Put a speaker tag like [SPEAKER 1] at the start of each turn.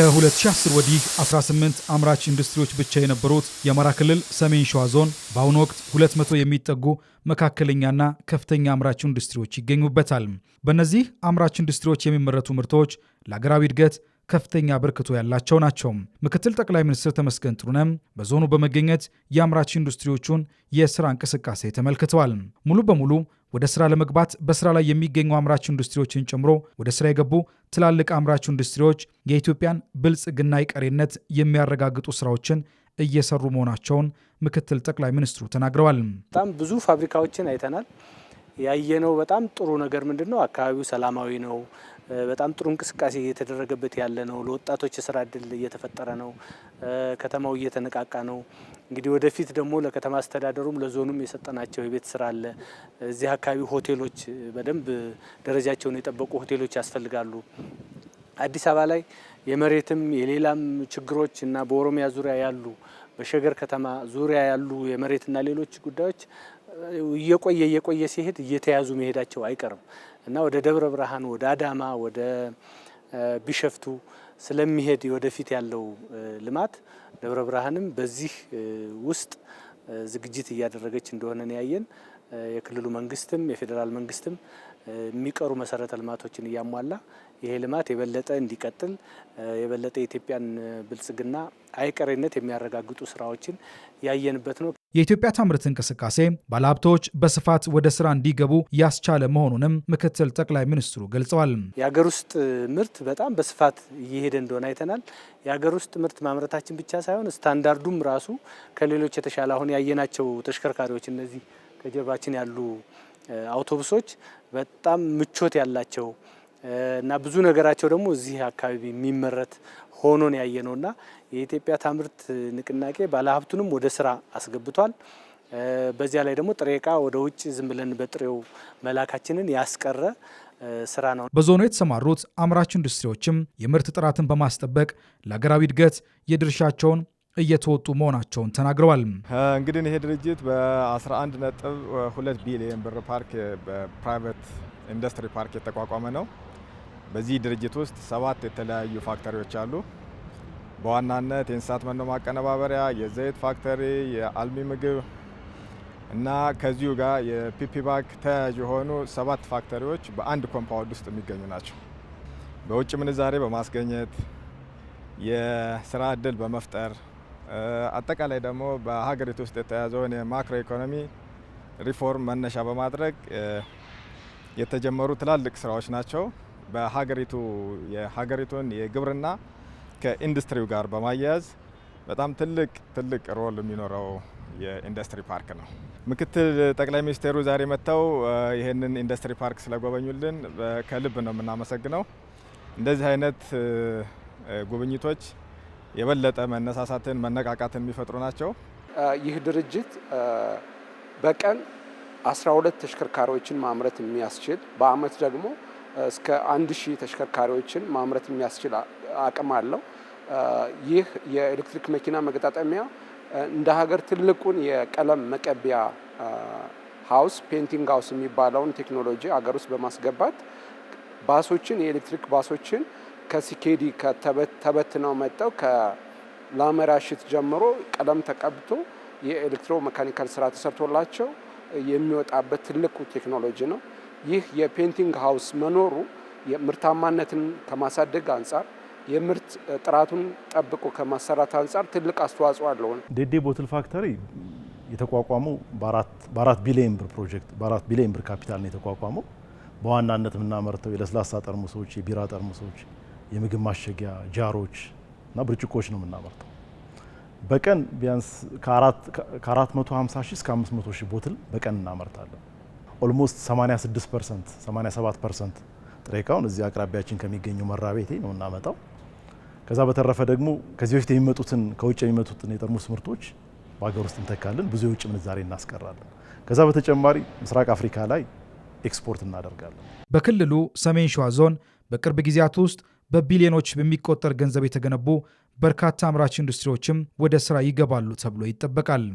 [SPEAKER 1] ከ2010 ወዲህ 18 አምራች ኢንዱስትሪዎች ብቻ የነበሩት የአማራ ክልል ሰሜን ሸዋ ዞን በአሁኑ ወቅት 200 የሚጠጉ መካከለኛና ከፍተኛ አምራች ኢንዱስትሪዎች ይገኙበታል። በእነዚህ አምራች ኢንዱስትሪዎች የሚመረቱ ምርቶች ለሀገራዊ እድገት ከፍተኛ አበርክቶ ያላቸው ናቸው። ምክትል ጠቅላይ ሚኒስትር ተመስገን ጥሩነም በዞኑ በመገኘት የአምራች ኢንዱስትሪዎቹን የስራ እንቅስቃሴ ተመልክተዋል። ሙሉ በሙሉ ወደ ስራ ለመግባት በስራ ላይ የሚገኙ አምራች ኢንዱስትሪዎችን ጨምሮ ወደ ስራ የገቡ ትላልቅ አምራች ኢንዱስትሪዎች የኢትዮጵያን ብልጽግና ይቀሬነት የሚያረጋግጡ ስራዎችን እየሰሩ መሆናቸውን ምክትል ጠቅላይ ሚኒስትሩ ተናግረዋል።
[SPEAKER 2] በጣም ብዙ ፋብሪካዎችን አይተናል። ያየነው በጣም ጥሩ ነገር ምንድን ነው? አካባቢው ሰላማዊ ነው። በጣም ጥሩ እንቅስቃሴ እየተደረገበት ያለ ነው። ለወጣቶች የስራ እድል እየተፈጠረ ነው። ከተማው እየተነቃቃ ነው። እንግዲህ ወደፊት ደግሞ ለከተማ አስተዳደሩም ለዞኑም የሰጠናቸው የቤት ስራ አለ። እዚህ አካባቢ ሆቴሎች በደንብ ደረጃቸውን የጠበቁ ሆቴሎች ያስፈልጋሉ። አዲስ አበባ ላይ የመሬትም የሌላም ችግሮች እና በኦሮሚያ ዙሪያ ያሉ በሸገር ከተማ ዙሪያ ያሉ የመሬትና ሌሎች ጉዳዮች እየቆየ እየቆየ ሲሄድ እየተያዙ መሄዳቸው አይቀርም እና ወደ ደብረ ብርሃን፣ ወደ አዳማ፣ ወደ ቢሸፍቱ ስለሚሄድ ወደፊት ያለው ልማት ደብረ ብርሃንም በዚህ ውስጥ ዝግጅት እያደረገች እንደሆነ ያየን። የክልሉ መንግስትም የፌዴራል መንግስትም የሚቀሩ መሰረተ ልማቶችን እያሟላ ይሄ ልማት የበለጠ እንዲቀጥል የበለጠ የኢትዮጵያን ብልጽግና አይቀሬነት የሚያረጋግጡ ስራዎችን ያየንበት ነው።
[SPEAKER 1] የኢትዮጵያ ታምርት እንቅስቃሴ ባለሀብቶች በስፋት ወደ ስራ እንዲገቡ ያስቻለ መሆኑንም ምክትል ጠቅላይ ሚኒስትሩ ገልጸዋል።
[SPEAKER 2] የሀገር ውስጥ ምርት በጣም በስፋት እየሄደ እንደሆነ አይተናል። የሀገር ውስጥ ምርት ማምረታችን ብቻ ሳይሆን ስታንዳርዱም ራሱ ከሌሎች የተሻለ አሁን ያየናቸው ተሽከርካሪዎች እነዚህ ከጀርባችን ያሉ አውቶቡሶች በጣም ምቾት ያላቸው እና ብዙ ነገራቸው ደግሞ እዚህ አካባቢ የሚመረት ሆኖን ያየ ነው እና የኢትዮጵያ ታምርት ንቅናቄ ባለሀብቱንም ወደ ስራ አስገብቷል። በዚያ ላይ ደግሞ ጥሬ እቃ ወደ ውጭ ዝም ብለን በጥሬው መላካችንን ያስቀረ ስራ ነው።
[SPEAKER 1] በዞኑ የተሰማሩት አምራች ኢንዱስትሪዎችም የምርት ጥራትን በማስጠበቅ ለሀገራዊ እድገት የድርሻቸውን እየተወጡ መሆናቸውን ተናግረዋል።
[SPEAKER 3] እንግዲህ ይሄ ድርጅት በ11 ነጥብ 2 ቢሊየን ብር ፓርክ በፕራይቬት ኢንዱስትሪ ፓርክ የተቋቋመ ነው። በዚህ ድርጅት ውስጥ ሰባት የተለያዩ ፋክተሪዎች አሉ። በዋናነት የእንስሳት መኖ ማቀነባበሪያ፣ የዘይት ፋክተሪ፣ የአልሚ ምግብ እና ከዚሁ ጋር የፒፒ ባክ ተያያዥ የሆኑ ሰባት ፋክተሪዎች በአንድ ኮምፓውንድ ውስጥ የሚገኙ ናቸው። በውጭ ምንዛሬ በማስገኘት የስራ እድል በመፍጠር አጠቃላይ ደግሞ በሀገሪቱ ውስጥ የተያዘውን የማክሮ ኢኮኖሚ ሪፎርም መነሻ በማድረግ የተጀመሩ ትላልቅ ስራዎች ናቸው። በሀገሪቱ የሀገሪቱን የግብርና ከኢንዱስትሪው ጋር በማያያዝ በጣም ትልቅ ትልቅ ሮል የሚኖረው የኢንዱስትሪ ፓርክ ነው። ምክትል ጠቅላይ ሚኒስትሩ ዛሬ መጥተው ይህንን ኢንዱስትሪ ፓርክ ስለጎበኙልን ከልብ ነው የምናመሰግነው። እንደዚህ አይነት ጉብኝቶች የበለጠ መነሳሳትን መነቃቃትን የሚፈጥሩ ናቸው።
[SPEAKER 2] ይህ ድርጅት በቀን ሁለት ተሽከርካሪዎችን ማምረት የሚያስችል በአመት ደግሞ እስከ 1000 ተሽከርካሪዎችን ማምረት የሚያስችል አቅም አለው። ይህ የኤሌክትሪክ መኪና መገጣጠሚያ እንደ ሀገር ትልቁን የቀለም መቀቢያ ሀውስ ፔንቲንግ ሀውስ የሚባለውን ቴክኖሎጂ ሀገር ውስጥ በማስገባት ባሶችን የኤሌክትሪክ ባሶችን ከሲኬዲ ተበትነው መጠው ከላመራሽት ጀምሮ ቀለም ተቀብቶ የኤሌክትሮ መካኒካል ስራ ተሰርቶላቸው የሚወጣበት ትልቁ ቴክኖሎጂ ነው። ይህ የፔንቲንግ ሀውስ መኖሩ ምርታማነትን ከማሳደግ አንጻር የምርት ጥራቱን ጠብቆ ከማሰራት አንጻር ትልቅ አስተዋጽኦ አለው።
[SPEAKER 4] ዴዴ ቦትል ፋክተሪ የተቋቋመው በአራት ቢሊዮን ብር ፕሮጀክት በአራት ቢሊዮን ብር ካፒታል ነው የተቋቋመው። በዋናነት የምናመርተው የለስላሳ ጠርሙሶች፣ የቢራ ጠርሙሶች፣ የምግብ ማሸጊያ ጃሮች እና ብርጭቆች ነው የምናመርተው። በቀን ቢያንስ ከ450 ሺህ እስከ 500 ሺህ ቦትል በቀን እናመርታለን። ኦልሞስት 86 ፐርሰንት 87 ፐርሰንት ጥሬ እቃውን እዚህ አቅራቢያችን ከሚገኘው ቤቴ ነው እናመጣው። ከዛ በተረፈ ደግሞ ከዚህ በፊት የሚመጡትን ከውጭ የሚመጡትን የጠርሙስ ምርቶች በሀገር ውስጥ እንተካለን። ብዙ የውጭ ምንዛሬ እናስቀራለን። ከዛ በተጨማሪ ምስራቅ አፍሪካ ላይ ኤክስፖርት እናደርጋለን።
[SPEAKER 1] በክልሉ ሰሜን ሸዋ ዞን በቅርብ ጊዜያት ውስጥ በቢሊዮኖች በሚቆጠር ገንዘብ የተገነቡ በርካታ አምራች ኢንዱስትሪዎችም ወደ ስራ ይገባሉ ተብሎ ይጠበቃል።